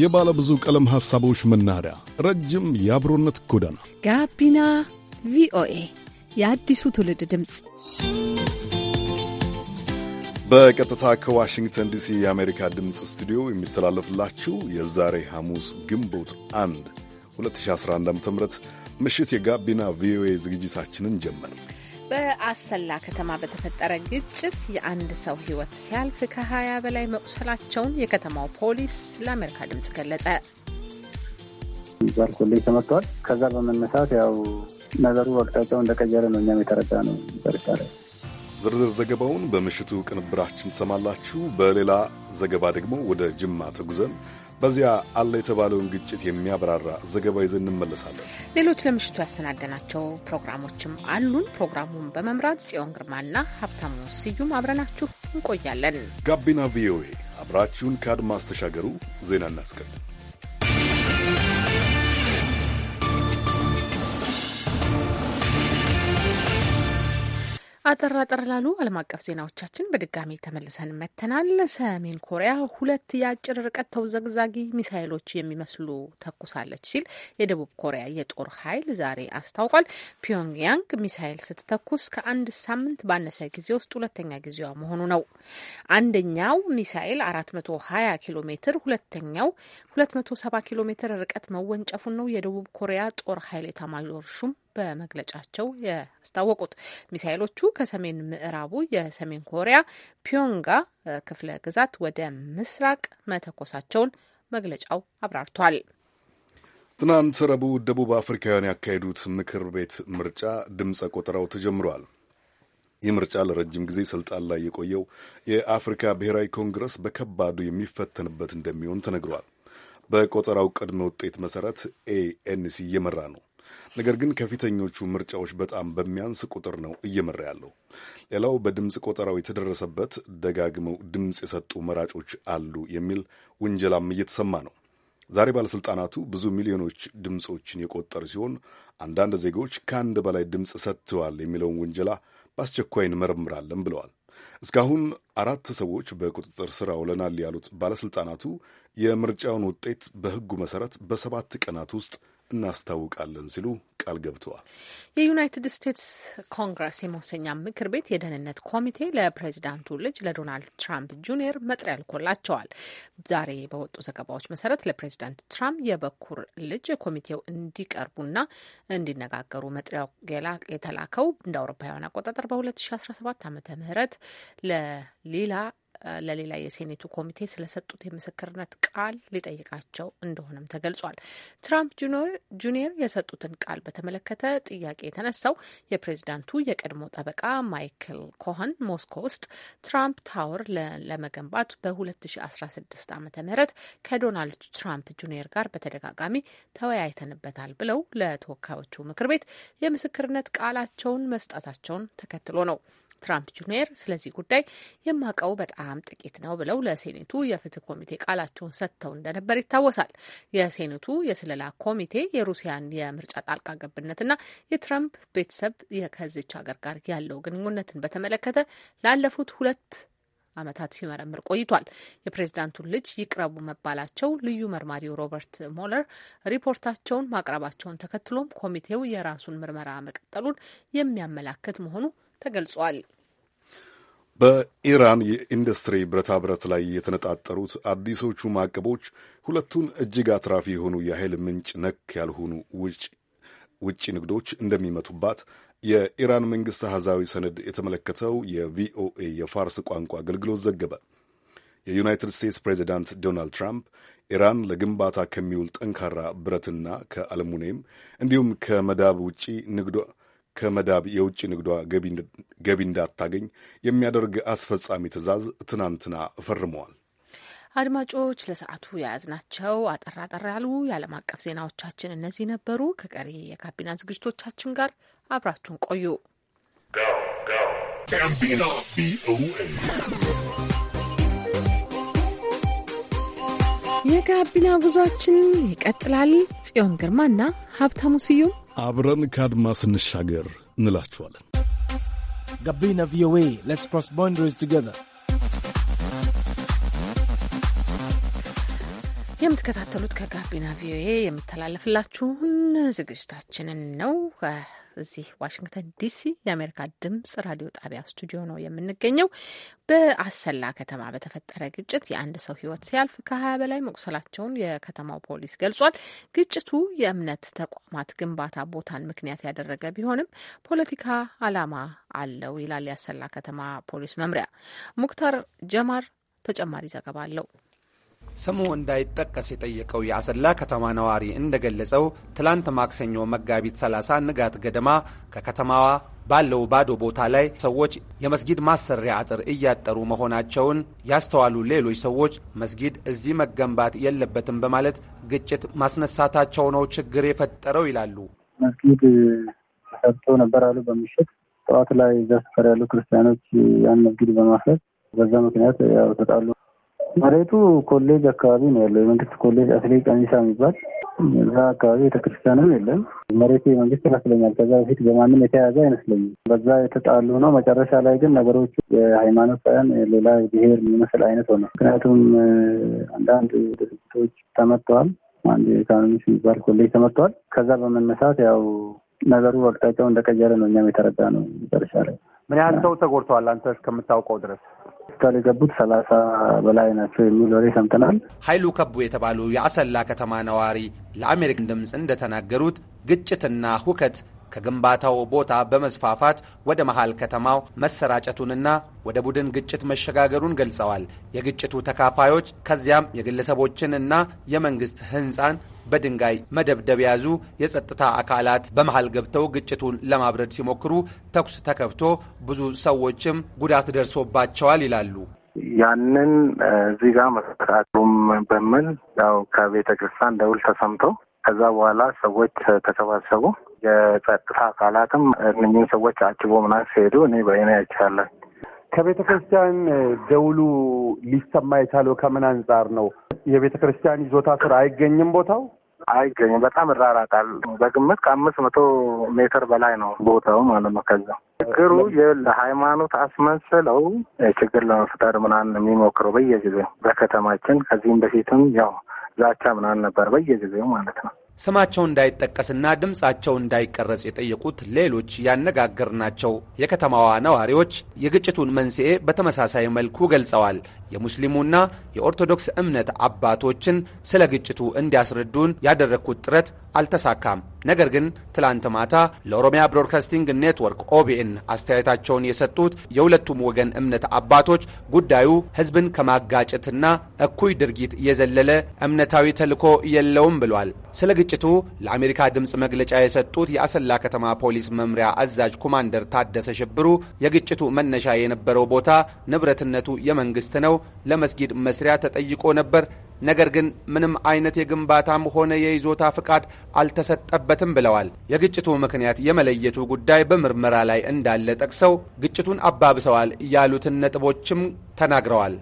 የባለ ብዙ ቀለም ሐሳቦች መናኸሪያ፣ ረጅም የአብሮነት ጎዳና፣ ጋቢና ቪኦኤ የአዲሱ ትውልድ ድምፅ በቀጥታ ከዋሽንግተን ዲሲ የአሜሪካ ድምፅ ስቱዲዮ የሚተላለፍላችሁ የዛሬ ሐሙስ ግንቦት 1 2011 ዓ ም ምሽት የጋቢና ቪኦኤ ዝግጅታችንን ጀመር። በአሰላ ከተማ በተፈጠረ ግጭት የአንድ ሰው ሕይወት ሲያልፍ ከ20 በላይ መቁሰላቸውን የከተማው ፖሊስ ለአሜሪካ ድምጽ ገለጸ። በአልኮል ተመቷል። ከዛ በመነሳት ያው ነገሩ አቅጣጫው እንደቀየረ ነው እኛም የተረዳ ነው። ዝርዝር ዘገባውን በምሽቱ ቅንብራችን ትሰማላችሁ። በሌላ ዘገባ ደግሞ ወደ ጅማ ተጉዘን በዚያ አለ የተባለውን ግጭት የሚያብራራ ዘገባ ይዘን እንመለሳለን። ሌሎች ለምሽቱ ያሰናደናቸው ፕሮግራሞችም አሉን። ፕሮግራሙን በመምራት ጽዮን ግርማና ሀብታሙ ስዩም አብረናችሁ እንቆያለን። ጋቢና ቪኦኤ አብራችሁን ከአድማስ ተሻገሩ። ዜና እናስቀድም። አጠር አጠር ላሉ ዓለም አቀፍ ዜናዎቻችን በድጋሚ ተመልሰን መተናል። ሰሜን ኮሪያ ሁለት የአጭር ርቀት ተውዘግዛጊ ሚሳይሎች የሚመስሉ ተኩሳለች ሲል የደቡብ ኮሪያ የጦር ኃይል ዛሬ አስታውቋል። ፒዮንግያንግ ሚሳይል ስትተኩስ ከአንድ ሳምንት ባነሰ ጊዜ ውስጥ ሁለተኛ ጊዜዋ መሆኑ ነው። አንደኛው ሚሳይል 420 ኪሎ ሜትር፣ ሁለተኛው 270 ኪሎ ሜትር ርቀት መወንጨፉን ነው የደቡብ ኮሪያ ጦር ኃይል ኤታማዦር ሹም በመግለጫቸው ያስታወቁት ሚሳይሎቹ ከሰሜን ምዕራቡ የሰሜን ኮሪያ ፒዮንጋ ክፍለ ግዛት ወደ ምስራቅ መተኮሳቸውን መግለጫው አብራርቷል። ትናንት ረቡዕ ደቡብ አፍሪካውያን ያካሄዱት ምክር ቤት ምርጫ ድምፀ ቆጠራው ተጀምሯል። ይህ ምርጫ ለረጅም ጊዜ ስልጣን ላይ የቆየው የአፍሪካ ብሔራዊ ኮንግረስ በከባዱ የሚፈተንበት እንደሚሆን ተነግሯል። በቆጠራው ቅድመ ውጤት መሠረት ኤኤንሲ እየመራ ነው። ነገር ግን ከፊተኞቹ ምርጫዎች በጣም በሚያንስ ቁጥር ነው እየመራ ያለው። ሌላው በድምፅ ቆጠራው የተደረሰበት ደጋግመው ድምፅ የሰጡ መራጮች አሉ የሚል ውንጀላም እየተሰማ ነው። ዛሬ ባለሥልጣናቱ ብዙ ሚሊዮኖች ድምፆችን የቆጠሩ ሲሆን አንዳንድ ዜጎች ከአንድ በላይ ድምፅ ሰጥተዋል የሚለውን ውንጀላ በአስቸኳይ እንመረምራለን ብለዋል። እስካሁን አራት ሰዎች በቁጥጥር ስር አውለናል ያሉት ባለሥልጣናቱ የምርጫውን ውጤት በሕጉ መሠረት በሰባት ቀናት ውስጥ እናስታውቃለን ሲሉ ቃል ገብተዋል። የዩናይትድ ስቴትስ ኮንግረስ የመወሰኛ ምክር ቤት የደህንነት ኮሚቴ ለፕሬዚዳንቱ ልጅ ለዶናልድ ትራምፕ ጁኒየር መጥሪያ ልኮላቸዋል። ዛሬ በወጡ ዘገባዎች መሰረት ለፕሬዚዳንት ትራምፕ የበኩር ልጅ ኮሚቴው እንዲቀርቡና እንዲነጋገሩ መጥሪያው የተላከው እንደ አውሮፓውያን አቆጣጠር በ2017 ዓ ም ለሌላ ለሌላ የሴኔቱ ኮሚቴ ስለሰጡት የምስክርነት ቃል ሊጠይቃቸው እንደሆነም ተገልጿል። ትራምፕ ጁኒየር የሰጡትን ቃል በተመለከተ ጥያቄ የተነሳው የፕሬዚዳንቱ የቀድሞ ጠበቃ ማይክል ኮሆን ሞስኮ ውስጥ ትራምፕ ታወር ለመገንባት በ2016 ዓ ም ከዶናልድ ትራምፕ ጁኒየር ጋር በተደጋጋሚ ተወያይተንበታል ብለው ለተወካዮቹ ምክር ቤት የምስክርነት ቃላቸውን መስጠታቸውን ተከትሎ ነው። ትራምፕ ጁኒየር ስለዚህ ጉዳይ የማውቀው በጣም ጥቂት ነው ብለው ለሴኔቱ የፍትህ ኮሚቴ ቃላቸውን ሰጥተው እንደነበር ይታወሳል። የሴኔቱ የስለላ ኮሚቴ የሩሲያን የምርጫ ጣልቃ ገብነትና የትራምፕ ቤተሰብ ከዚች ሀገር ጋር ያለው ግንኙነትን በተመለከተ ላለፉት ሁለት ዓመታት ሲመረምር ቆይቷል። የፕሬዝዳንቱን ልጅ ይቅረቡ መባላቸው ልዩ መርማሪው ሮበርት ሞለር ሪፖርታቸውን ማቅረባቸውን ተከትሎም ኮሚቴው የራሱን ምርመራ መቀጠሉን የሚያመላክት መሆኑ ተገልጿል። በኢራን የኢንዱስትሪ ብረታ ብረት ላይ የተነጣጠሩት አዲሶቹ ማዕቀቦች ሁለቱን እጅግ አትራፊ የሆኑ የኃይል ምንጭ ነክ ያልሆኑ ውጭ ንግዶች እንደሚመቱባት የኢራን መንግሥት አሕዛዊ ሰነድ የተመለከተው የቪኦኤ የፋርስ ቋንቋ አገልግሎት ዘገበ። የዩናይትድ ስቴትስ ፕሬዚዳንት ዶናልድ ትራምፕ ኢራን ለግንባታ ከሚውል ጠንካራ ብረትና ከአልሙኒየም እንዲሁም ከመዳብ ውጪ ከመዳብ የውጭ ንግዷ ገቢ እንዳታገኝ የሚያደርግ አስፈጻሚ ትዕዛዝ ትናንትና ፈርመዋል። አድማጮች ለሰዓቱ የያዝናቸው አጠር አጠር ያሉ የዓለም አቀፍ ዜናዎቻችን እነዚህ ነበሩ። ከቀሪ የካቢና ዝግጅቶቻችን ጋር አብራችሁን ቆዩ። የጋቢና ጉዟችን ይቀጥላል። ጽዮን ግርማና ሀብታሙ ስዩም አብረን ከአድማ ስንሻገር እንላችኋለን። ጋቢና ቪኦኤ ሌትስ ክሮስ ቦንደሪስ ቱጌዘር የምትከታተሉት ከጋቢና ቪኦኤ የምተላለፍላችሁን ዝግጅታችንን ነው። እዚህ ዋሽንግተን ዲሲ የአሜሪካ ድምጽ ራዲዮ ጣቢያ ስቱዲዮ ነው የምንገኘው። በአሰላ ከተማ በተፈጠረ ግጭት የአንድ ሰው ሕይወት ሲያልፍ ከሀያ በላይ መቁሰላቸውን የከተማው ፖሊስ ገልጿል። ግጭቱ የእምነት ተቋማት ግንባታ ቦታን ምክንያት ያደረገ ቢሆንም ፖለቲካ ዓላማ አለው ይላል የአሰላ ከተማ ፖሊስ መምሪያ። ሙክታር ጀማር ተጨማሪ ዘገባ አለው። ስሙ እንዳይጠቀስ የጠየቀው የአሰላ ከተማ ነዋሪ እንደገለጸው ትላንት ማክሰኞ መጋቢት 30 ንጋት ገደማ ከከተማዋ ባለው ባዶ ቦታ ላይ ሰዎች የመስጊድ ማሰሪያ አጥር እያጠሩ መሆናቸውን ያስተዋሉ ሌሎች ሰዎች መስጊድ እዚህ መገንባት የለበትም በማለት ግጭት ማስነሳታቸው ነው ችግር የፈጠረው ይላሉ። መስጊድ ተሰጥቶ ነበር አሉ። በምሽት ጠዋት ላይ እዛ ሰፈር ያሉ ክርስቲያኖች ያን መስጊድ በማፍረስ በዛ ምክንያት ያው ተጣሉ። መሬቱ ኮሌጅ አካባቢ ነው ያለው። የመንግስት ኮሌጅ አትሌ ቀኒሳ የሚባል እዛ አካባቢ ቤተክርስቲያንም የለም። መሬቱ የመንግስት ይመስለኛል። ከዛ በፊት በማንም የተያዘ አይመስለኝም። በዛ የተጣሉ ነው። መጨረሻ ላይ ግን ነገሮቹ የሃይማኖት ሳይሆን ሌላ ብሄር የሚመስል አይነት ሆነ። ምክንያቱም አንዳንድ ድርጅቶች ተመጥተዋል። አንድ ኢኮኖሚክስ የሚባል ኮሌጅ ተመጥተዋል። ከዛ በመነሳት ያው ነገሩ አቅጣጫው እንደቀየረ ነው እኛም የተረዳ ነው መጨረሻ ላይ። ምን ያህል ሰው ተጎድተዋል አንተ እስከምታውቀው ድረስ? ሆስፒታል የገቡት ሰላሳ በላይ ናቸው የሚል ወሬ ሰምተናል። ኃይሉ ከቡ የተባሉ የአሰላ ከተማ ነዋሪ ለአሜሪካ ድምፅ እንደተናገሩት ግጭትና ሁከት ከግንባታው ቦታ በመስፋፋት ወደ መሃል ከተማው መሰራጨቱንና ወደ ቡድን ግጭት መሸጋገሩን ገልጸዋል። የግጭቱ ተካፋዮች ከዚያም የግለሰቦችን እና የመንግስት ህንፃን በድንጋይ መደብደብ የያዙ የጸጥታ አካላት በመሃል ገብተው ግጭቱን ለማብረድ ሲሞክሩ ተኩስ ተከፍቶ ብዙ ሰዎችም ጉዳት ደርሶባቸዋል ይላሉ። ያንን እዚህ ጋር መስጠት አቅሩም ያው ከቤተ ክርስቲያን ደውል ተሰምቶ ከዛ በኋላ ሰዎች ተሰባሰቡ። የጸጥታ አካላትም እነኝን ሰዎች አጭቦ ምናምን ሲሄዱ እኔ በይነ ያቻለን ከቤተ ክርስቲያን ደውሉ ሊሰማ የቻለው ከምን አንጻር ነው? የቤተ ክርስቲያን ይዞታ ስር አይገኝም ቦታው አይገኝም። በጣም እራራቃል። በግምት ከአምስት መቶ ሜትር በላይ ነው ቦታው ማለት ነው። ከዛ ችግሩ ለሃይማኖት አስመስለው ችግር ለመፍጠር ምናምን የሚሞክረው በየጊዜው በከተማችን ከዚህም በፊትም ያው ዛቻ ምናምን ነበር በየጊዜው ማለት ነው። ስማቸው እንዳይጠቀስና ድምፃቸው እንዳይቀረጽ የጠየቁት ሌሎች ያነጋገርናቸው የከተማዋ ነዋሪዎች የግጭቱን መንስኤ በተመሳሳይ መልኩ ገልጸዋል። የሙስሊሙና የኦርቶዶክስ እምነት አባቶችን ስለ ግጭቱ እንዲያስረዱን ያደረግኩት ጥረት አልተሳካም። ነገር ግን ትላንት ማታ ለኦሮሚያ ብሮድካስቲንግ ኔትወርክ ኦቢኤን አስተያየታቸውን የሰጡት የሁለቱም ወገን እምነት አባቶች ጉዳዩ ሕዝብን ከማጋጨትና እኩይ ድርጊት የዘለለ እምነታዊ ተልዕኮ የለውም ብሏል። ስለ ግጭቱ ለአሜሪካ ድምፅ መግለጫ የሰጡት የአሰላ ከተማ ፖሊስ መምሪያ አዛዥ ኮማንደር ታደሰ ሽብሩ የግጭቱ መነሻ የነበረው ቦታ ንብረትነቱ የመንግስት ነው ለመስጊድ መስሪያ ተጠይቆ ነበር። ነገር ግን ምንም አይነት የግንባታም ሆነ የይዞታ ፍቃድ አልተሰጠበትም ብለዋል። የግጭቱ ምክንያት የመለየቱ ጉዳይ በምርመራ ላይ እንዳለ ጠቅሰው ግጭቱን አባብሰዋል ያሉትን ነጥቦችም ተናግረዋል።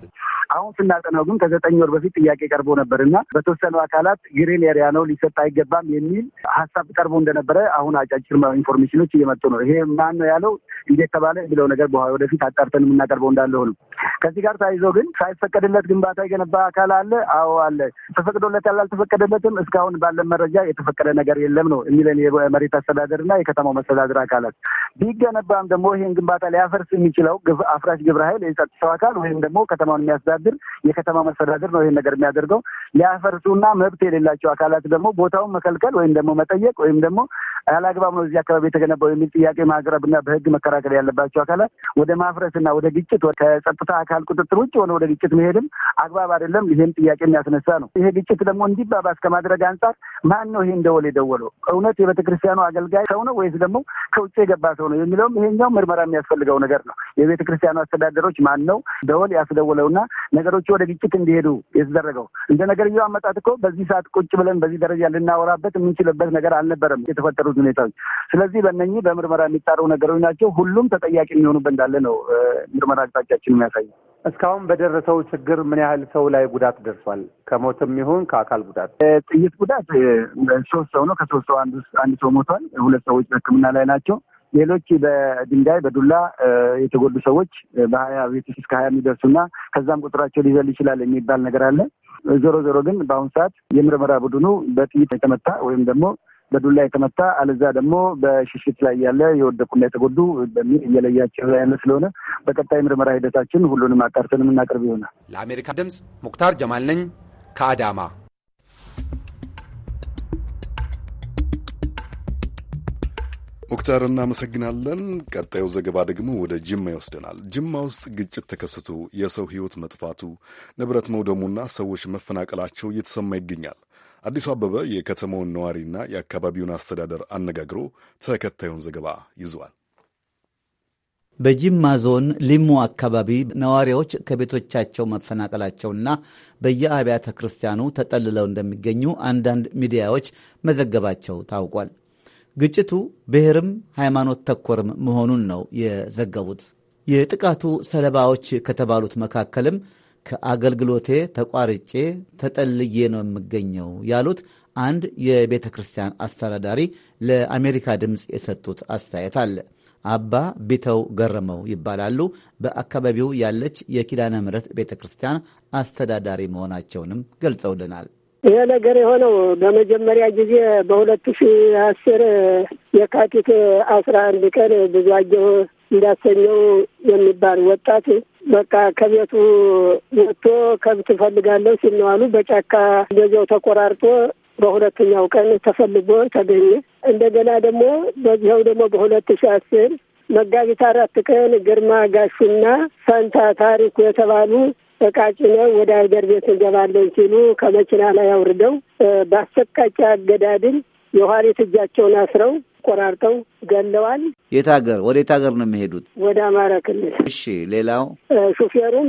አሁን ስናጠናው ግን ከዘጠኝ ወር በፊት ጥያቄ ቀርቦ ነበር እና በተወሰኑ አካላት ግሪን ኤሪያ ነው ሊሰጥ አይገባም የሚል ሀሳብ ቀርቦ እንደነበረ አሁን አጫጭር ኢንፎርሜሽኖች እየመጡ ነው። ይሄ ማን ነው ያለው እንዴት ተባለ የሚለው ነገር በኋላ ወደፊት አጣርተን የምናቀርበው እንዳለ ሆኖ ከዚህ ጋር ተያይዞ ግን ሳይፈቀድለት ግንባታ የገነባ አካል አለ። አዎ አለ። ተፈቅዶለት አልተፈቀደለትም እስካሁን ባለን መረጃ የተፈቀደ ነገር የለም ነው የሚለን የመሬት አስተዳደር እና የከተማው መስተዳደር አካላት። ቢገነባም ደግሞ ይህን ግንባታ ሊያፈርስ የሚችለው አፍራሽ ግብረ ኃይል የጸጥታው አካል ወይም ደግሞ ከተማውን የሚያስዳድ መስተዳድር የከተማ መስተዳድር ነው ይህን ነገር የሚያደርገው። ሊያፈርሱና መብት የሌላቸው አካላት ደግሞ ቦታውን መከልከል ወይም ደግሞ መጠየቅ ወይም ደግሞ አላግባብ ነው እዚህ አካባቢ የተገነባው የሚል ጥያቄ ማቅረብና በህግ መከራከል ያለባቸው አካላት ወደ ማፍረስና ወደ ግጭት ከጸጥታ አካል ቁጥጥር ውጭ ሆነ ወደ ግጭት መሄድም አግባብ አይደለም። ይህም ጥያቄ የሚያስነሳ ነው። ይሄ ግጭት ደግሞ እንዲባባስ ከማድረግ አንጻር ማን ነው ይሄ ደወል የደወለው? እውነት የቤተክርስቲያኑ አገልጋይ ሰው ነው ወይስ ደግሞ ከውጭ የገባ ሰው ነው የሚለውም ይሄኛው ምርመራ የሚያስፈልገው ነገር ነው። የቤተክርስቲያኑ አስተዳደሮች ማን ነው ደወል ያስደወለውና ነገሮቹ ወደ ግጭት እንዲሄዱ የተደረገው። እንደ ነገርየው አመጣት እኮ በዚህ ሰዓት ቁጭ ብለን በዚህ ደረጃ ልናወራበት የምንችልበት ነገር አልነበረም የተፈጠሩት ሁኔታዎች። ስለዚህ በእነኚህ በምርመራ የሚጣሩ ነገሮች ናቸው። ሁሉም ተጠያቂ የሚሆኑበት እንዳለ ነው ምርመራ አቅጣጫችን የሚያሳይ እስካሁን በደረሰው ችግር ምን ያህል ሰው ላይ ጉዳት ደርሷል? ከሞትም ይሁን ከአካል ጉዳት? ጥይት ጉዳት ሶስት ሰው ነው። ከሶስት ሰው አንድ ሰው ሞቷል። ሁለት ሰዎች በሕክምና ላይ ናቸው። ሌሎች በድንጋይ በዱላ የተጎዱ ሰዎች በሀያ ቤት እስከ ሀያ የሚደርሱና ከዛም ቁጥራቸው ሊዘል ይችላል የሚባል ነገር አለ። ዞሮ ዞሮ ግን በአሁኑ ሰዓት የምርመራ ቡድኑ በጥይት የተመታ ወይም ደግሞ በዱላ የተመታ አለዛ ደግሞ በሽሽት ላይ ያለ የወደቁና የተጎዱ በሚል እየለያቸው ያለ ስለሆነ በቀጣይ ምርመራ ሂደታችን ሁሉንም አጣርተን የምናቀርብ ይሆናል። ለአሜሪካ ድምፅ ሙክታር ጀማል ነኝ ከአዳማ። ሙክታር እናመሰግናለን። ቀጣዩ ዘገባ ደግሞ ወደ ጅማ ይወስደናል። ጅማ ውስጥ ግጭት ተከስቶ የሰው ሕይወት መጥፋቱ፣ ንብረት መውደሙና ሰዎች መፈናቀላቸው እየተሰማ ይገኛል። አዲሱ አበበ የከተማውን ነዋሪና የአካባቢውን አስተዳደር አነጋግሮ ተከታዩን ዘገባ ይዟል። በጅማ ዞን ሊሙ አካባቢ ነዋሪዎች ከቤቶቻቸው መፈናቀላቸውና በየአብያተ ክርስቲያኑ ተጠልለው እንደሚገኙ አንዳንድ ሚዲያዎች መዘገባቸው ታውቋል። ግጭቱ ብሔርም ሃይማኖት ተኮርም መሆኑን ነው የዘገቡት። የጥቃቱ ሰለባዎች ከተባሉት መካከልም ከአገልግሎቴ ተቋርጬ ተጠልዬ ነው የምገኘው ያሉት አንድ የቤተ ክርስቲያን አስተዳዳሪ ለአሜሪካ ድምፅ የሰጡት አስተያየት አለ። አባ ቢተው ገረመው ይባላሉ። በአካባቢው ያለች የኪዳነ ምሕረት ቤተ ክርስቲያን አስተዳዳሪ መሆናቸውንም ገልጸውልናል። ይህ ነገር የሆነው በመጀመሪያ ጊዜ በሁለት ሺ አስር የካቲት አስራ አንድ ቀን ብዙአየሁ እንዳሰኘው የሚባል ወጣት በቃ ከቤቱ ወጥቶ ከብት እፈልጋለሁ ሲነዋሉ በጫካ ገዛው ተቆራርጦ በሁለተኛው ቀን ተፈልጎ ተገኘ። እንደገና ደግሞ በዚያው ደግሞ በሁለት ሺ አስር መጋቢት አራት ቀን ግርማ ጋሹና ፈንታ ታሪኩ የተባሉ እቃ ጭነው ወደ ሀገር ቤት እንገባለን ሲሉ ከመኪና ላይ አውርደው በአሰቃቂ አገዳድል የኋሊት እጃቸውን አስረው ቆራርጠው ገለዋል። የት ሀገር ወደ የት ሀገር ነው የሚሄዱት? ወደ አማራ ክልል። እሺ፣ ሌላው ሹፌሩም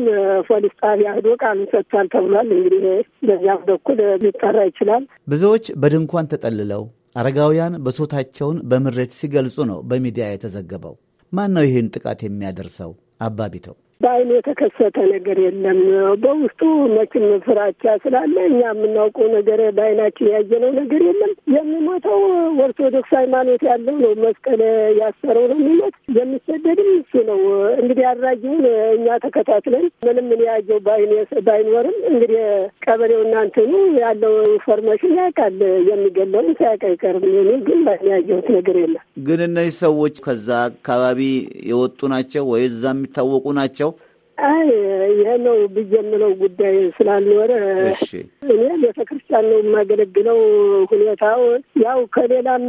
ፖሊስ ጣቢያ ሄዶ ቃሉ ሰጥቷል ተብሏል። እንግዲህ በዚያም በኩል ሊጠራ ይችላል። ብዙዎች በድንኳን ተጠልለው አረጋውያን በሶታቸውን በምሬት ሲገልጹ ነው በሚዲያ የተዘገበው። ማን ነው ይህን ጥቃት የሚያደርሰው? አባቢተው በአይኑ የተከሰተ ነገር የለም። በውስጡ መቼም ፍራቻ ስላለ እኛ የምናውቀው ነገር በአይናችን ያየነው ነገር የለም። የሚሞተው ኦርቶዶክስ ሃይማኖት ያለው ነው። መስቀል ያሰረው ነው የሚሞት። የሚሰደድም እሱ ነው። እንግዲህ አድራጊውን እኛ ተከታትለን ምንም ምን ያየው ባይኖርም እንግዲህ ቀበሌው እናንትኑ ያለው ኢንፎርሜሽን ያውቃል። የሚገለውን ሳያውቅ አይቀርም። እኔ ግን በአይን ያየሁት ነገር የለም። ግን እነዚህ ሰዎች ከዛ አካባቢ የወጡ ናቸው ወይ እዛ የሚታወቁ ናቸው አይ ይሄ ነው ብዬ የምለው ጉዳይ ስላልኖረ እኔ ቤተ ክርስቲያን ነው የማገለግለው። ሁኔታው ያው ከሌላም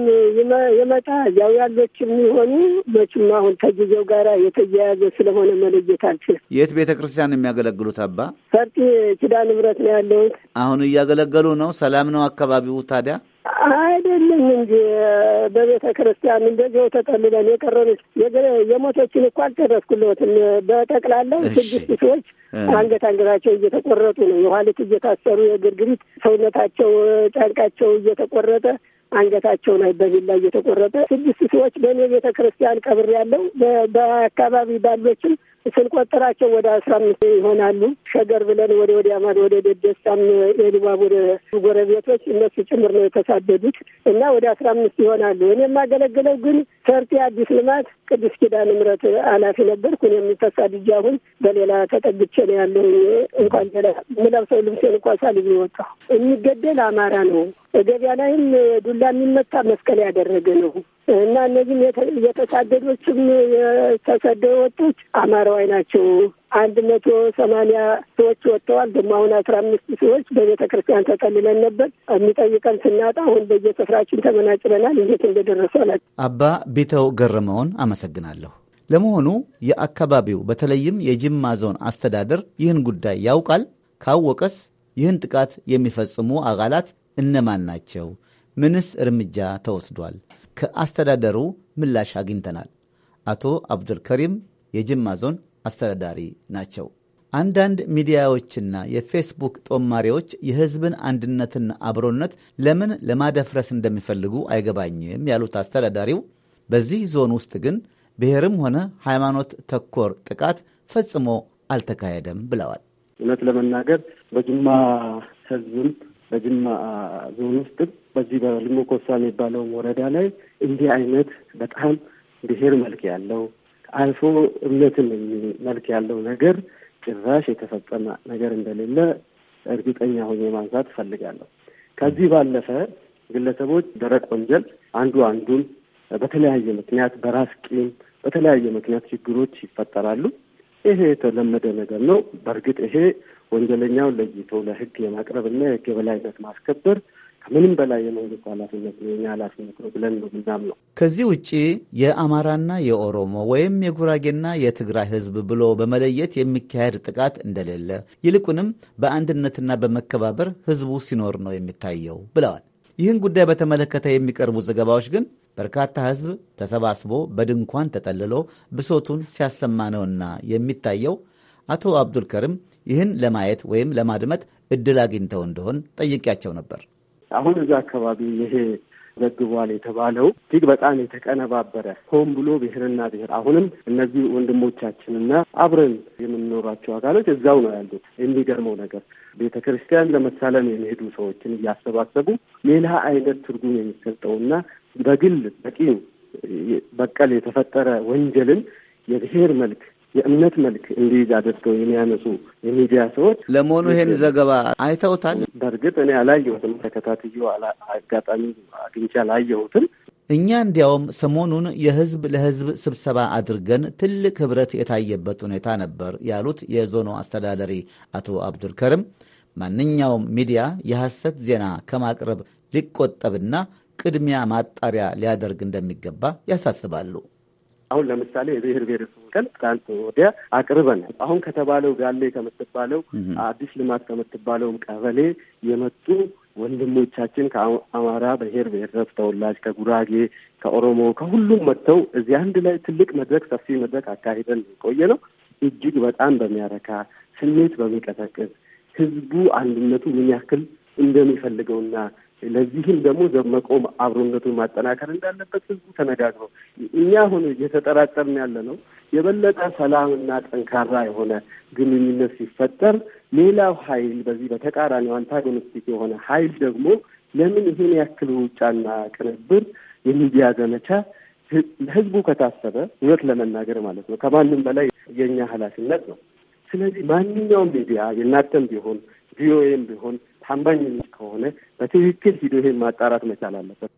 ይመጣ ያው ያሎች የሚሆኑ መቼም አሁን ከጊዜው ጋር የተያያዘ ስለሆነ መለየት አልችልም። የት ቤተ ክርስቲያን የሚያገለግሉት አባ? ፈርጢ ኪዳነ ምሕረት ነው ያለሁት። አሁን እያገለገሉ ነው። ሰላም ነው አካባቢው ታዲያ አይደለም እንጂ በቤተ ክርስቲያን እንደዚው ተጠልለን የቀረነች የሞቶችን እኮ አልጨረስኩለትም። በጠቅላላው ስድስት ሰዎች አንገት አንገታቸው እየተቆረጡ ነው። የኋሊት እየታሰሩ የግርግሪት ሰውነታቸው ጫንቃቸው እየተቆረጠ አንገታቸው ላይ በቢላ እየተቆረጠ ስድስት ሰዎች በእኔ ቤተ ክርስቲያን ቀብር ያለው በአካባቢ ባሎችም ስንቆጠራቸው ወደ አስራ አምስት ይሆናሉ። ሸገር ብለን ወደ ወዲያ ወደ ደደስታም የድባብ ወደ ጎረቤቶች እነሱ ጭምር ነው የተሳደዱት እና ወደ አስራ አምስት ይሆናሉ። እኔ የማገለግለው ግን ሰርቲ አዲስ ልማት ቅዱስ ኪዳነ ምሕረት ኃላፊ ነበርኩ። እኔ የምተሳድጃ አሁን በሌላ ተጠግቼ ነው ያለው። እንኳን ሌላ የምለብሰው ልብሴን እንኳ ሳልብ ወጣሁ። የሚገደል አማራ ነው። ገበያ ላይም ዱላ የሚመታ መስቀል ያደረገ ነው። እና እነዚህም የተሳደዶችም የተሰደ የወጡት አማራዋይ ናቸው። አንድ መቶ ሰማንያ ሰዎች ወጥተዋል። ደግሞ አሁን አስራ አምስት ሰዎች በቤተ ክርስቲያን ተጠልለን ነበር። የሚጠይቀን ስናጣ አሁን በየስፍራችን ተመናጭለናል። እንዴት እንደደረሱ አላቸው። አባ ቢተው ገረመውን አመሰግናለሁ። ለመሆኑ የአካባቢው በተለይም የጅማ ዞን አስተዳደር ይህን ጉዳይ ያውቃል? ካወቀስ ይህን ጥቃት የሚፈጽሙ አካላት እነማን ናቸው? ምንስ እርምጃ ተወስዷል? ከአስተዳደሩ ምላሽ አግኝተናል። አቶ አብዱልከሪም የጅማ ዞን አስተዳዳሪ ናቸው። አንዳንድ ሚዲያዎችና የፌስቡክ ጦማሪዎች የሕዝብን አንድነትና አብሮነት ለምን ለማደፍረስ እንደሚፈልጉ አይገባኝም ያሉት አስተዳዳሪው፣ በዚህ ዞን ውስጥ ግን ብሔርም ሆነ ሃይማኖት ተኮር ጥቃት ፈጽሞ አልተካሄደም ብለዋል። እውነት ለመናገር በጅማ ሕዝብም በጅማ ዞን ውስጥ በዚህ በልሞ ኮሳ የሚባለው ወረዳ ላይ እንዲህ አይነት በጣም ብሔር መልክ ያለው አልፎ እምነትን መልክ ያለው ነገር ጭራሽ የተፈጸመ ነገር እንደሌለ እርግጠኛ ሆኜ ማንሳት እፈልጋለሁ። ከዚህ ባለፈ ግለሰቦች ደረቅ ወንጀል አንዱ አንዱን በተለያየ ምክንያት በራስ ቂም፣ በተለያየ ምክንያት ችግሮች ይፈጠራሉ። ይሄ የተለመደ ነገር ነው። በእርግጥ ይሄ ወንጀለኛውን ለይቶ ለሕግ የማቅረብ እና የሕግ የበላይነት ማስከበር ከምንም በላይ የመንግስት ኃላፊነት ነው፣ የኛ ኃላፊነት ነው ብለን ነው ምናምነው። ከዚህ ውጭ የአማራና የኦሮሞ ወይም የጉራጌና የትግራይ ህዝብ ብሎ በመለየት የሚካሄድ ጥቃት እንደሌለ ይልቁንም በአንድነትና በመከባበር ህዝቡ ሲኖር ነው የሚታየው ብለዋል። ይህን ጉዳይ በተመለከተ የሚቀርቡ ዘገባዎች ግን በርካታ ህዝብ ተሰባስቦ በድንኳን ተጠልሎ ብሶቱን ሲያሰማ ነውና የሚታየው። አቶ አብዱል ይህን ለማየት ወይም ለማድመጥ እድል አግኝተው እንደሆን ጠይቄያቸው ነበር። አሁን እዛ አካባቢ ይሄ ዘግቧል የተባለው እጅግ በጣም የተቀነባበረ ሆን ብሎ ብሔርና ብሔር አሁንም እነዚህ ወንድሞቻችንና አብረን የምንኖራቸው አካሎች እዛው ነው ያሉት። የሚገርመው ነገር ቤተ ክርስቲያን ለመሳለም የሚሄዱ ሰዎችን እያሰባሰቡ ሌላ አይነት ትርጉም የሚሰጠውና በግል በቂም በቀል የተፈጠረ ወንጀልን የብሔር መልክ የእምነት መልክ እንዲይዝ አድርገው የሚያነሱ የሚዲያ ሰዎች ለመሆኑ ይሄን ዘገባ አይተውታል? በእርግጥ እኔ አላየሁትም። ተከታትዮ አጋጣሚ አግኝቼ አላየሁትም። እኛ እንዲያውም ሰሞኑን የህዝብ ለህዝብ ስብሰባ አድርገን ትልቅ ህብረት የታየበት ሁኔታ ነበር ያሉት የዞኑ አስተዳደሪ አቶ አብዱልከርም ማንኛውም ሚዲያ የሐሰት ዜና ከማቅረብ ሊቆጠብና ቅድሚያ ማጣሪያ ሊያደርግ እንደሚገባ ያሳስባሉ። አሁን ለምሳሌ የብሔር ብሔረሰቡ ቀን ትናንት ወዲያ አቅርበን አሁን ከተባለው ጋሌ ከምትባለው አዲስ ልማት ከምትባለውም ቀበሌ የመጡ ወንድሞቻችን ከአማራ ብሔር ብሔረሰብ ተወላጅ ከጉራጌ፣ ከኦሮሞ፣ ከሁሉም መጥተው እዚህ አንድ ላይ ትልቅ መድረክ ሰፊ መድረክ አካሂደን የቆየ ነው። እጅግ በጣም በሚያረካ ስሜት በሚቀሰቅስ ህዝቡ አንድነቱ ምን ያክል እንደሚፈልገውና ለዚህም ደግሞ መቆም አብሮነቱን ማጠናከር እንዳለበት ህዝቡ ተነጋግሮ እኛ አሁን እየተጠራጠርን ያለ ነው። የበለጠ ሰላምና ጠንካራ የሆነ ግንኙነት ሲፈጠር ሌላው ኃይል በዚህ በተቃራኒው አንታጎኒስቲክ የሆነ ኃይል ደግሞ ለምን ይህን ያክል ውጫና ቅንብር የሚዲያ ዘመቻ ህዝቡ ከታሰበ እውነት ለመናገር ማለት ነው ከማንም በላይ የእኛ ኃላፊነት ነው። ስለዚህ ማንኛውም ሚዲያ የእናንተም ቢሆን ቪኦኤም ቢሆን ታማኝነት ከሆነ በትክክል ሂዶ ይሄን ማጣራት መቻል አለበት።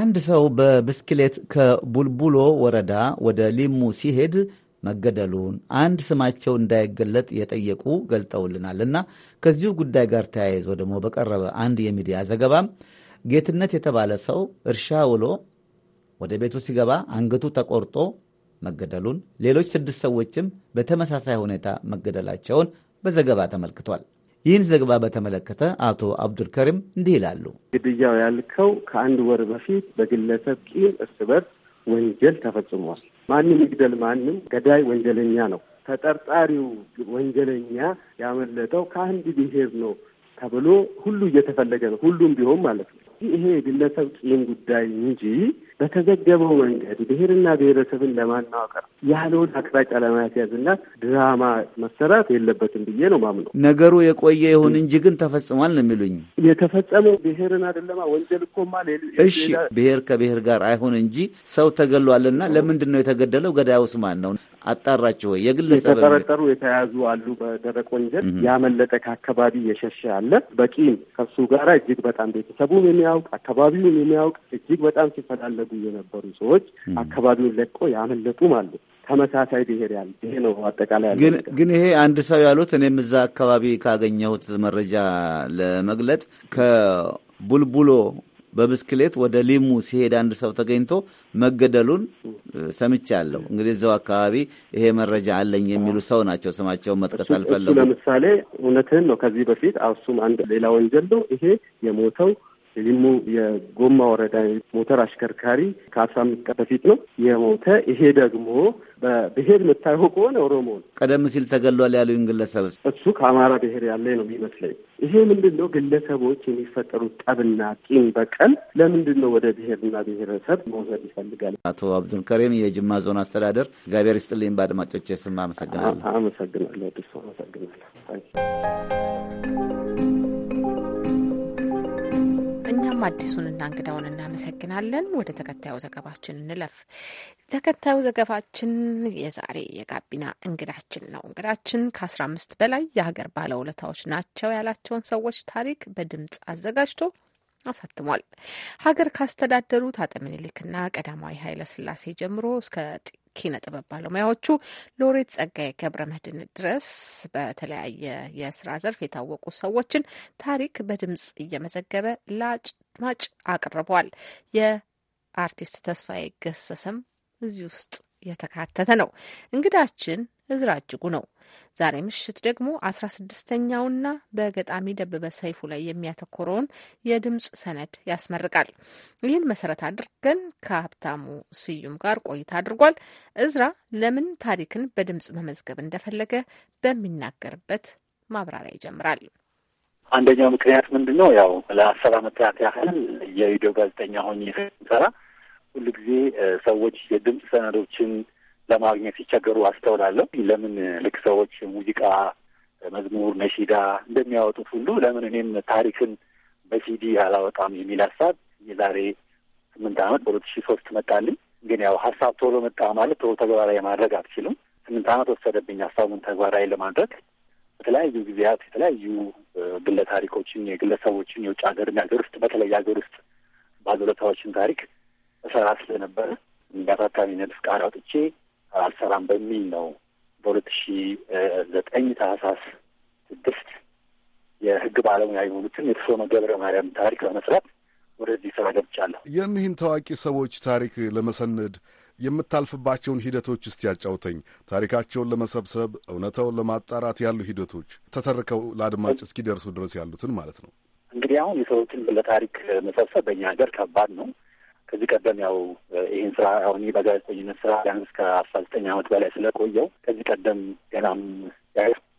አንድ ሰው በብስክሌት ከቡልቡሎ ወረዳ ወደ ሊሙ ሲሄድ መገደሉን አንድ ስማቸው እንዳይገለጥ የጠየቁ ገልጠውልናል። እና ከዚሁ ጉዳይ ጋር ተያይዞ ደግሞ በቀረበ አንድ የሚዲያ ዘገባም ጌትነት የተባለ ሰው እርሻ ውሎ ወደ ቤቱ ሲገባ አንገቱ ተቆርጦ መገደሉን፣ ሌሎች ስድስት ሰዎችም በተመሳሳይ ሁኔታ መገደላቸውን በዘገባ ተመልክቷል። ይህን ዘገባ በተመለከተ አቶ አብዱል ከሪም እንዲህ ይላሉ። ግድያው ያልከው ከአንድ ወር በፊት በግለሰብ ቂም እርስ በርስ ወንጀል ተፈጽሟል። ማንም ይግደል ማንም ገዳይ ወንጀለኛ ነው። ተጠርጣሪው ወንጀለኛ ያመለጠው ከአንድ ብሔር ነው ተብሎ ሁሉ እየተፈለገ ነው። ሁሉም ቢሆን ማለት ነው። ይሄ የግለሰብ ቂም ጉዳይ እንጂ በተዘገበው መንገድ ብሔርና ብሔረሰብን ለማናወቀር ያለውን አቅጣጫ ለማስያዝና ድራማ መሰራት የለበትም ብዬ ነው ማምነው። ነገሩ የቆየ ይሁን እንጂ ግን ተፈጽሟል ነው የሚሉኝ። የተፈጸመው ብሔርን አይደለማ ወንጀል እኮማ። እሺ ብሔር ከብሔር ጋር አይሆን እንጂ ሰው ተገሏልና ለምንድን ነው የተገደለው? ገዳዩስ ማን ነው? አጣራችሁ ወይ? የግለሰብ የተጠረጠሩ የተያዙ አሉ። በደረቅ ወንጀል ያመለጠ ከአካባቢ የሸሸ አለ። በቂም ከሱ ጋራ እጅግ በጣም ቤተሰቡም የሚያውቅ አካባቢውም የሚያውቅ እጅግ በጣም ሲፈላለ ሲዋጉ የነበሩ ሰዎች አካባቢውን ለቆ ያመለጡም አሉ። ተመሳሳይ ብሄር ያለ ይሄ ነው። አጠቃላይ ግን ግን ይሄ አንድ ሰው ያሉት እኔም እዛ አካባቢ ካገኘሁት መረጃ ለመግለጥ ከቡልቡሎ በብስክሌት ወደ ሊሙ ሲሄድ አንድ ሰው ተገኝቶ መገደሉን ሰምቻለሁ። እንግዲህ እዚያው አካባቢ ይሄ መረጃ አለኝ የሚሉ ሰው ናቸው። ስማቸውን መጥቀስ አልፈለጉም። ለምሳሌ እውነትህን ነው። ከዚህ በፊት አሱም አንድ ሌላ ወንጀል ነው ይሄ የሞተው ሊሙ የጎማ ወረዳ ሞተር አሽከርካሪ ከአስራ አምስት ቀን በፊት ነው የሞተ። ይሄ ደግሞ በብሔር የምታየው ከሆነ ኦሮሞ ነው። ቀደም ሲል ተገሏል ያሉኝ ግለሰብ እሱ ከአማራ ብሄር ያለ ነው የሚመስለኝ። ይሄ ምንድን ነው ግለሰቦች የሚፈጠሩት ጠብና ቂም በቀል ለምንድን ነው ወደ ብሄርና ብሄረሰብ መውሰድ ይፈልጋል? አቶ አብዱል ከሪም የጅማ ዞን አስተዳደር፣ እግዚአብሔር ይስጥልኝ። በአድማጮች ስም አመሰግናለሁ። አመሰግናለሁ። አዲሱ አመሰግናለሁ። እኛም አዲሱንና እንግዳውን እናመሰግናለን። ወደ ተከታዩ ዘገባችን እንለፍ። ተከታዩ ዘገባችን የዛሬ የጋቢና እንግዳችን ነው። እንግዳችን ከአስራ አምስት በላይ የሀገር ባለውለታዎች ናቸው ያላቸውን ሰዎች ታሪክ በድምፅ አዘጋጅቶ አሳትሟል። ሀገር ካስተዳደሩት አጤ ምኒልክና ቀዳማዊ ኃይለ ሥላሴ ጀምሮ እስከ ኪነ ጥበብ ባለሙያዎቹ ሎሬት ጸጋዬ ገብረ መድን ድረስ በተለያየ የስራ ዘርፍ የታወቁ ሰዎችን ታሪክ በድምጽ እየመዘገበ ላጭ አድማጭ አቅርቧል። የአርቲስት ተስፋዬ ገሰሰም እዚህ ውስጥ የተካተተ ነው። እንግዳችን እዝራ እጅጉ ነው። ዛሬ ምሽት ደግሞ አስራ ስድስተኛውና በገጣሚ ደበበ ሰይፉ ላይ የሚያተኮረውን የድምፅ ሰነድ ያስመርቃል። ይህን መሰረት አድርገን ከሀብታሙ ስዩም ጋር ቆይታ አድርጓል። እዝራ ለምን ታሪክን በድምፅ መመዝገብ እንደፈለገ በሚናገርበት ማብራሪያ ይጀምራል። አንደኛው ምክንያት ምንድን ነው? ያው ለአስር አመታት ያህል የሬዲዮ ጋዜጠኛ ሆኜ ሰራ። ሁሉ ጊዜ ሰዎች የድምፅ ሰነዶችን ለማግኘት ሲቸገሩ አስተውላለሁ። ለምን ልክ ሰዎች ሙዚቃ፣ መዝሙር፣ ነሺዳ እንደሚያወጡት ሁሉ ለምን እኔም ታሪክን በሲዲ አላወጣም የሚል ሀሳብ የዛሬ ስምንት አመት በሁለት ሺ ሶስት መጣልኝ። ግን ያው ሀሳብ ቶሎ መጣ ማለት ቶሎ ተግባራዊ ማድረግ አትችልም። ስምንት አመት ወሰደብኝ ሀሳቡን ተግባራዊ ለማድረግ። በተለያዩ ጊዜያት የተለያዩ ግለ ታሪኮችን የግለሰቦችን የውጭ ሀገር ሀገር ውስጥ በተለይ ሀገር ውስጥ ባለውለታዎችን ታሪክ እሰራ ስለነበረ እንዳሳታሚ ነድፍ ቃል አውጥቼ አልሰራም በሚል ነው በሁለት ሺ ዘጠኝ ታህሳስ ስድስት የህግ ባለሙያ የሆኑትን የተሾመ ገብረ ማርያም ታሪክ ለመስራት ወደዚህ ስራ ገብቻለሁ። የእኒህን ታዋቂ ሰዎች ታሪክ ለመሰነድ የምታልፍባቸውን ሂደቶች እስቲ ያጫውተኝ። ታሪካቸውን ለመሰብሰብ እውነታውን ለማጣራት ያሉ ሂደቶች ተተርከው ለአድማጭ እስኪደርሱ ድረስ ያሉትን ማለት ነው። እንግዲህ አሁን የሰዎችን ለታሪክ መሰብሰብ በእኛ ሀገር ከባድ ነው። ከዚህ ቀደም ያው ይህን ስራ አሁን በጋዜጠኝነት ስራ ቢያንስ ከአስራ ዘጠኝ አመት በላይ ስለቆየው ከዚህ ቀደም ገናም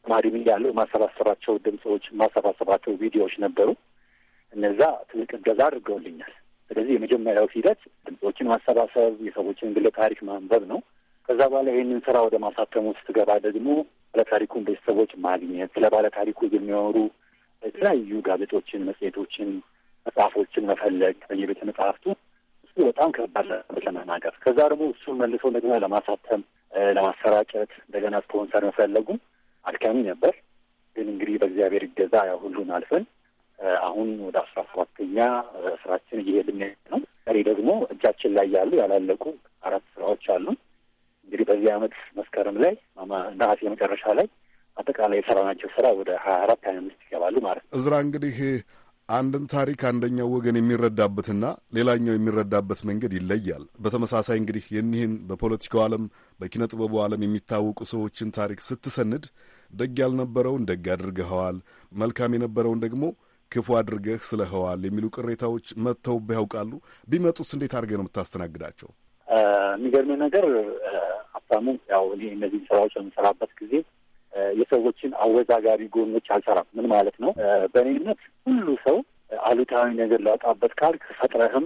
ተማሪም እያለሁ የማሰባሰባቸው ድምፆች፣ የማሰባሰባቸው ቪዲዮዎች ነበሩ። እነዛ ትልቅ እገዛ አድርገውልኛል። ስለዚህ የመጀመሪያው ሂደት ድምፆችን ማሰባሰብ፣ የሰዎችን ግለ ታሪክ ማንበብ ነው። ከዛ በኋላ ይህንን ስራ ወደ ማሳተሙ ስትገባ ደግሞ ባለታሪኩን ቤተሰቦች ማግኘት፣ ስለ ባለታሪኩ የሚያወሩ የተለያዩ ጋዜጦችን፣ መጽሔቶችን፣ መጽሐፎችን መፈለግ በየቤተ መጽሐፍቱ እሱ በጣም ከባድ ለመናገር ከዛ ደግሞ እሱን መልሶ እንደገና ለማሳተም ለማሰራጨት እንደገና ስፖንሰር መፈለጉ አድካሚ ነበር። ግን እንግዲህ በእግዚአብሔር ይገዛ ያው ሁሉን አልፈን አሁን ወደ አስራ ሰባተኛ ስራችን እየሄድን ነው። ቀሪ ደግሞ እጃችን ላይ ያሉ ያላለቁ አራት ስራዎች አሉ። እንግዲህ በዚህ አመት መስከረም ላይ ነሐሴ መጨረሻ ላይ አጠቃላይ የሰራናቸው ስራ ወደ ሀያ አራት ሀያ አምስት ይገባሉ ማለት ነው። እዝራ እንግዲህ አንድን ታሪክ አንደኛው ወገን የሚረዳበትና ሌላኛው የሚረዳበት መንገድ ይለያል። በተመሳሳይ እንግዲህ የኒህን በፖለቲካው ዓለም በኪነ ጥበቡ ዓለም የሚታወቁ ሰዎችን ታሪክ ስትሰንድ ደግ ያልነበረውን ደግ አድርገኸዋል፣ መልካም የነበረውን ደግሞ ክፉ አድርገህ ስለኸዋል የሚሉ ቅሬታዎች መጥተውብህ ያውቃሉ? ቢመጡስ እንዴት አድርገህ ነው የምታስተናግዳቸው? የሚገርም ነገር ሀብታሙ፣ ያው እኔ እነዚህ ስራዎች በምሰራበት ጊዜ የሰዎችን አወዛጋሪ ጎኖች አልሰራም። ምን ማለት ነው? በእኔ እምነት ሁሉ ሰው አሉታዊ ነገር ላውጣበት ካልክ ፈጥረህም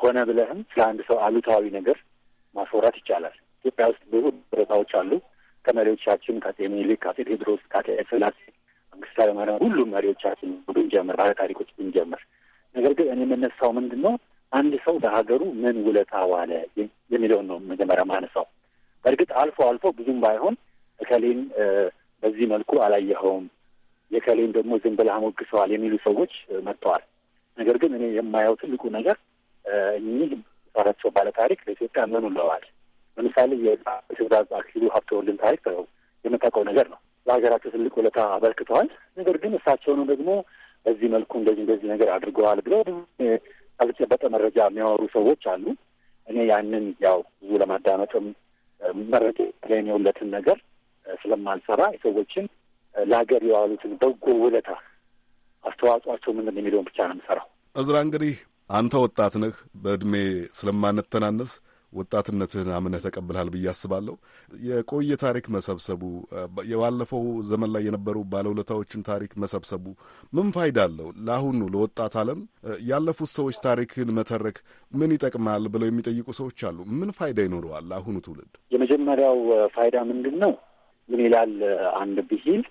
ሆነ ብለህም ስለ አንድ ሰው አሉታዊ ነገር ማስወራት ይቻላል። ኢትዮጵያ ውስጥ ብዙ ቦታዎች አሉ። ከመሪዎቻችን ከአፄ ምኒልክ፣ ከአፄ ቴዎድሮስ፣ ከአፄ ኃይለ ሥላሴ መንግስት ለማዳመር ሁሉም መሪዎቻችን ብንጀምር ባለ ታሪኮች ብንጀምር፣ ነገር ግን እኔ የምነሳው ምንድን ነው አንድ ሰው ለሀገሩ ምን ውለታ ዋለ የሚለውን ነው መጀመሪያ ማነሳው። በእርግጥ አልፎ አልፎ ብዙም ባይሆን እከሌን በዚህ መልኩ አላየኸውም፣ የከሌን ደግሞ ዝም ብለህ አሞግሰዋል የሚሉ ሰዎች መጥተዋል። ነገር ግን እኔ የማየው ትልቁ ነገር እኚህ ባላቸው ባለ ታሪክ ለኢትዮጵያ ምን ውለዋል። ለምሳሌ የትዕዛዝ አክሊሉ ሀብተወልድን ታሪክ የምታውቀው ነገር ነው። ለሀገራቸው ትልቅ ውለታ አበርክተዋል። ነገር ግን እሳቸውንም ደግሞ በዚህ መልኩ እንደዚህ እንደዚህ ነገር አድርገዋል ብለው ያልተጨበጠ መረጃ የሚያወሩ ሰዎች አሉ። እኔ ያንን ያው ብዙ ለማዳመጥም መረጃ ላይም የውለትን ነገር ስለማልሰራ የሰዎችን ለሀገር የዋሉትን በጎ ውለታ አስተዋጽኦቸው ምንድን የሚለውን ብቻ ነው የምሰራው። እዝራ እንግዲህ አንተ ወጣት ነህ፣ በእድሜ ስለማንተናነስ ወጣትነትህን አምነህ ተቀብልሃል ብዬ አስባለሁ። የቆየ ታሪክ መሰብሰቡ፣ የባለፈው ዘመን ላይ የነበሩ ባለውለታዎችን ታሪክ መሰብሰቡ ምን ፋይዳ አለው? ለአሁኑ ለወጣት ዓለም ያለፉት ሰዎች ታሪክን መተረክ ምን ይጠቅማል ብለው የሚጠይቁ ሰዎች አሉ። ምን ፋይዳ ይኖረዋል ለአሁኑ ትውልድ? የመጀመሪያው ፋይዳ ምንድን ነው? ምን ይላል አንድ ብሂል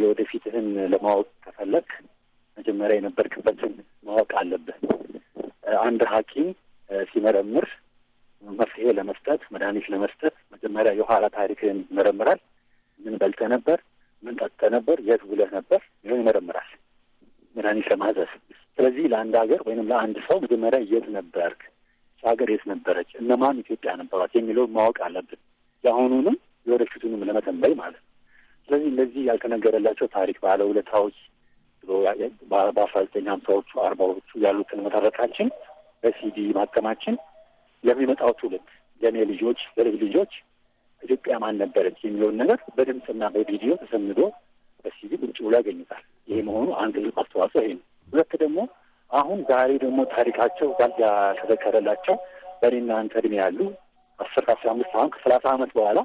የወደፊትህን ለማወቅ ከፈለክ መጀመሪያ የነበርክበትን ማወቅ አለብህ። አንድ ሐኪም ሲመረምር መፍትሄ ለመስጠት መድኃኒት ለመስጠት መጀመሪያ የኋላ ታሪክን ይመረምራል። ምን በልተ ነበር? ምን ጠጥተ ነበር? የት ውለህ ነበር? ይህን ይመረምራል መድኃኒት ለማዘዝ። ስለዚህ ለአንድ ሀገር ወይም ለአንድ ሰው መጀመሪያ የት ነበርክ፣ ሀገር የት ነበረች፣ እነማን ኢትዮጵያ ነበሯት የሚለውን ማወቅ አለብን። የአሁኑንም የወደፊቱንም ለመተንበይ ማለት ነው። ስለዚህ እነዚህ ያልተነገረላቸው ታሪክ ባለውለታዎች ብሎ በአስራ ዘጠኝ ሀምሳዎቹ አርባዎቹ ያሉትን መተረካችን በሲዲ ማተማችን ለሚመጣው ትውልድ ለእኔ ልጆች፣ ለልጅ ልጆች ኢትዮጵያ ማን ነበረች የሚለውን ነገር በድምፅና በቪዲዮ ተሰንዶ በሲቪ ቁጭ ብሎ ያገኝታል። ይሄ መሆኑ አንድ ትልቅ አስተዋጽኦ ይሄ ነው። ሁለት ደግሞ አሁን ዛሬ ደግሞ ታሪካቸው ያልተዘከረላቸው በእኔና አንተ እድሜ ያሉ አስር ከአስራ አምስት አሁን ከሰላሳ ዓመት በኋላ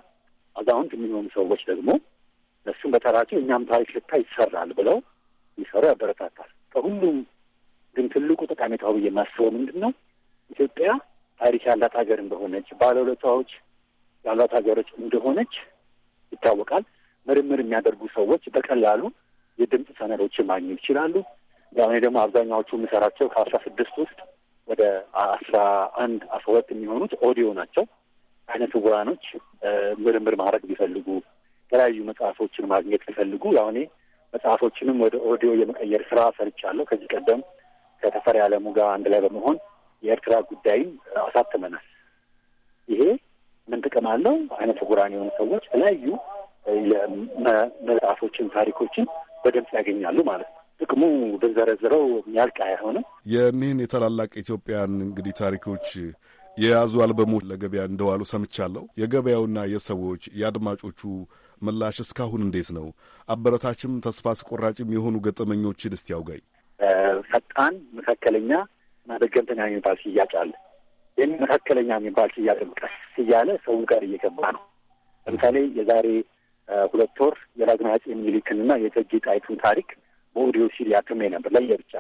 አዛውንት የሚሆኑ ሰዎች ደግሞ እሱም በተራቸው እኛም ታሪክ ልታ ይሰራል ብለው ይሰሩ ያበረታታል። ከሁሉም ግን ትልቁ ጠቀሜታው ብዬ የማስበው ምንድን ነው ኢትዮጵያ ታሪክ ያላት ሀገር እንደሆነች ባለውለታዎች ያሏት ሀገሮች እንደሆነች ይታወቃል። ምርምር የሚያደርጉ ሰዎች በቀላሉ የድምፅ ሰነዶችን ማግኘት ይችላሉ። ያው እኔ ደግሞ አብዛኛዎቹ የምሰራቸው ከአስራ ስድስት ውስጥ ወደ አስራ አንድ አስራ ሁለት የሚሆኑት ኦዲዮ ናቸው። አይነት ውራኖች ምርምር ማድረግ ቢፈልጉ የተለያዩ መጽሐፎችን ማግኘት ቢፈልጉ ያው እኔ መጽሐፎችንም ወደ ኦዲዮ የመቀየር ስራ ሰርቻለሁ። ከዚህ ቀደም ከተፈሪ ዓለሙ ጋር አንድ ላይ በመሆን የኤርትራ ጉዳይም አሳትመናል። ይሄ ምን ጥቅም አለው? አይነ ስውራን የሆኑ ሰዎች የተለያዩ መጽሐፎችን፣ ታሪኮችን በድምፅ ያገኛሉ ማለት ነው። ጥቅሙ ብንዘረዝረው የሚያልቅ አይሆንም። የእኒህን የታላላቅ ኢትዮጵያን እንግዲህ ታሪኮች የያዙ አልበሞች ለገበያ እንደዋሉ ሰምቻለሁ። የገበያውና የሰዎች የአድማጮቹ ምላሽ እስካሁን እንዴት ነው? አበረታችም ተስፋ አስቆራጭም የሆኑ ገጠመኞችን እስቲ ያውጋኝ። ፈጣን፣ መካከለኛ መደገምተኛ ደገምተኛ የሚባል ሽያጭ አለ። ይህም መካከለኛ የሚባል ሽያጭ ቀስ እያለ ሰው ጋር እየገባ ነው። ለምሳሌ የዛሬ ሁለት ወር የዳግማዊ አፄ ምኒልክንና የእቴጌ ጣይቱን ታሪክ በኦዲዮ ሲዲ አቅሜ ነበር ለየብቻ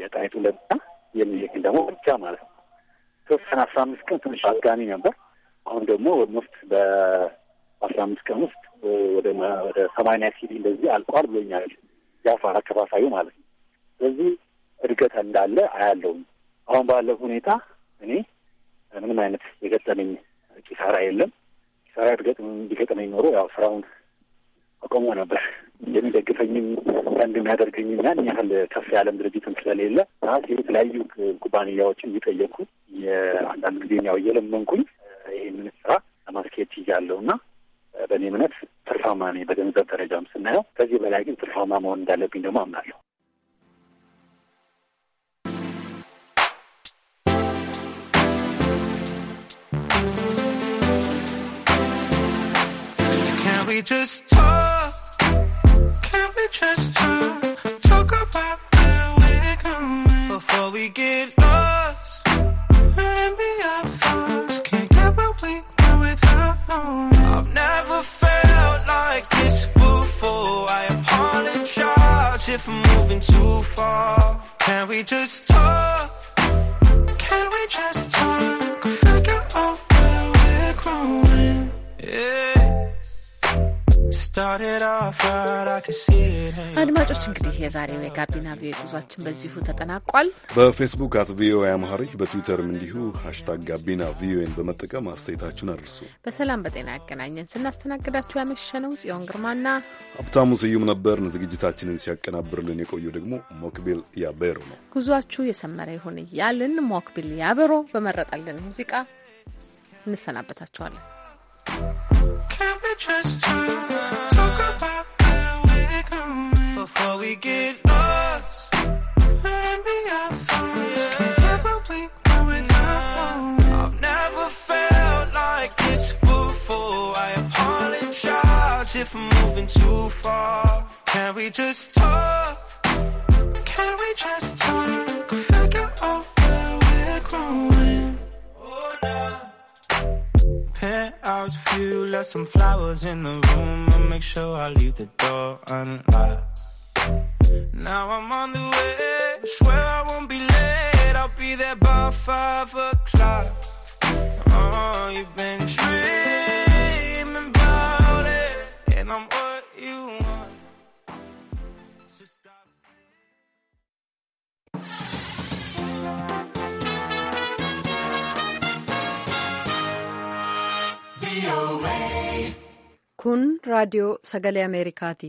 የጣይቱ ለብቻ የሚልክን ደግሞ ብቻ ማለት ነው። ተወሰነ አስራ አምስት ቀን ትንሽ አጋሚ ነበር። አሁን ደግሞ ኦልሞስት በአስራ አምስት ቀን ውስጥ ወደ ወደ ሰማንያ ሲዲ እንደዚህ አልቋል ብሎኛል። የአፋር አከፋፋዩ ማለት ነው። ስለዚህ እድገት እንዳለ አያለውም። አሁን ባለው ሁኔታ እኔ ምንም አይነት የገጠመኝ ኪሳራ የለም። ኪሳራ እድገት ቢገጠመኝ ኖሮ ያው ስራውን አቆሞ ነበር። የሚደግፈኝም ፈንድ የሚያደርገኝም ያን ያህል ከፍ ያለም ድርጅትም ስለሌለ ራሴ የተለያዩ ኩባንያዎችን እየጠየቅኩ የአንዳንድ ጊዜ ያው እየለመንኩኝ ይህንን ስራ ለማስኬድ ችያለሁ እና በእኔ እምነት ትርፋማ ነኝ። በገንዘብ ደረጃም ስናየው ከዚህ በላይ ግን ትርፋማ መሆን እንዳለብኝ ደግሞ አምናለሁ። we just talk? Can we just talk? Talk about where we're going before we get lost. Let me our thoughts. Can't get what we want without knowing. I've never felt like this before. I apologize if I'm moving too far. Can we just talk? አድማጮች እንግዲህ የዛሬው የጋቢና ቪኦኤ ጉዟችን በዚሁ ተጠናቋል። በፌስቡክ አት ቪኦኤ አማሪክ በትዊተርም እንዲሁ ሀሽታግ ጋቢና ቪኦኤን በመጠቀም አስተያየታችሁን አድርሱ። በሰላም በጤና ያገናኘን። ስናስተናግዳችሁ ያመሸነው ጽዮን ግርማና ሀብታሙ ስዩም ነበርን። ዝግጅታችንን ሲያቀናብርልን የቆየው ደግሞ ሞክቢል ያበሮ ነው። ጉዟችሁ የሰመረ ይሁን እያልን ሞክቢል ያበሮ በመረጠልን ሙዚቃ እንሰናበታችኋለን። before we get lost. maybe I'll find. can we know without I've never felt like this before. I apologize if I'm moving too far. Can we just talk? Can we just talk? Figure out where we're growing. Oh, nah. Penthouse view, left some flowers in the room. I make sure I leave the door unlocked. Now I'm on the way. Swear I won't be late. I'll be there by five o'clock. Oh, you've been dreaming about it, and I'm what you want. So stop. Kun Radio, Sagale Ameerikaati.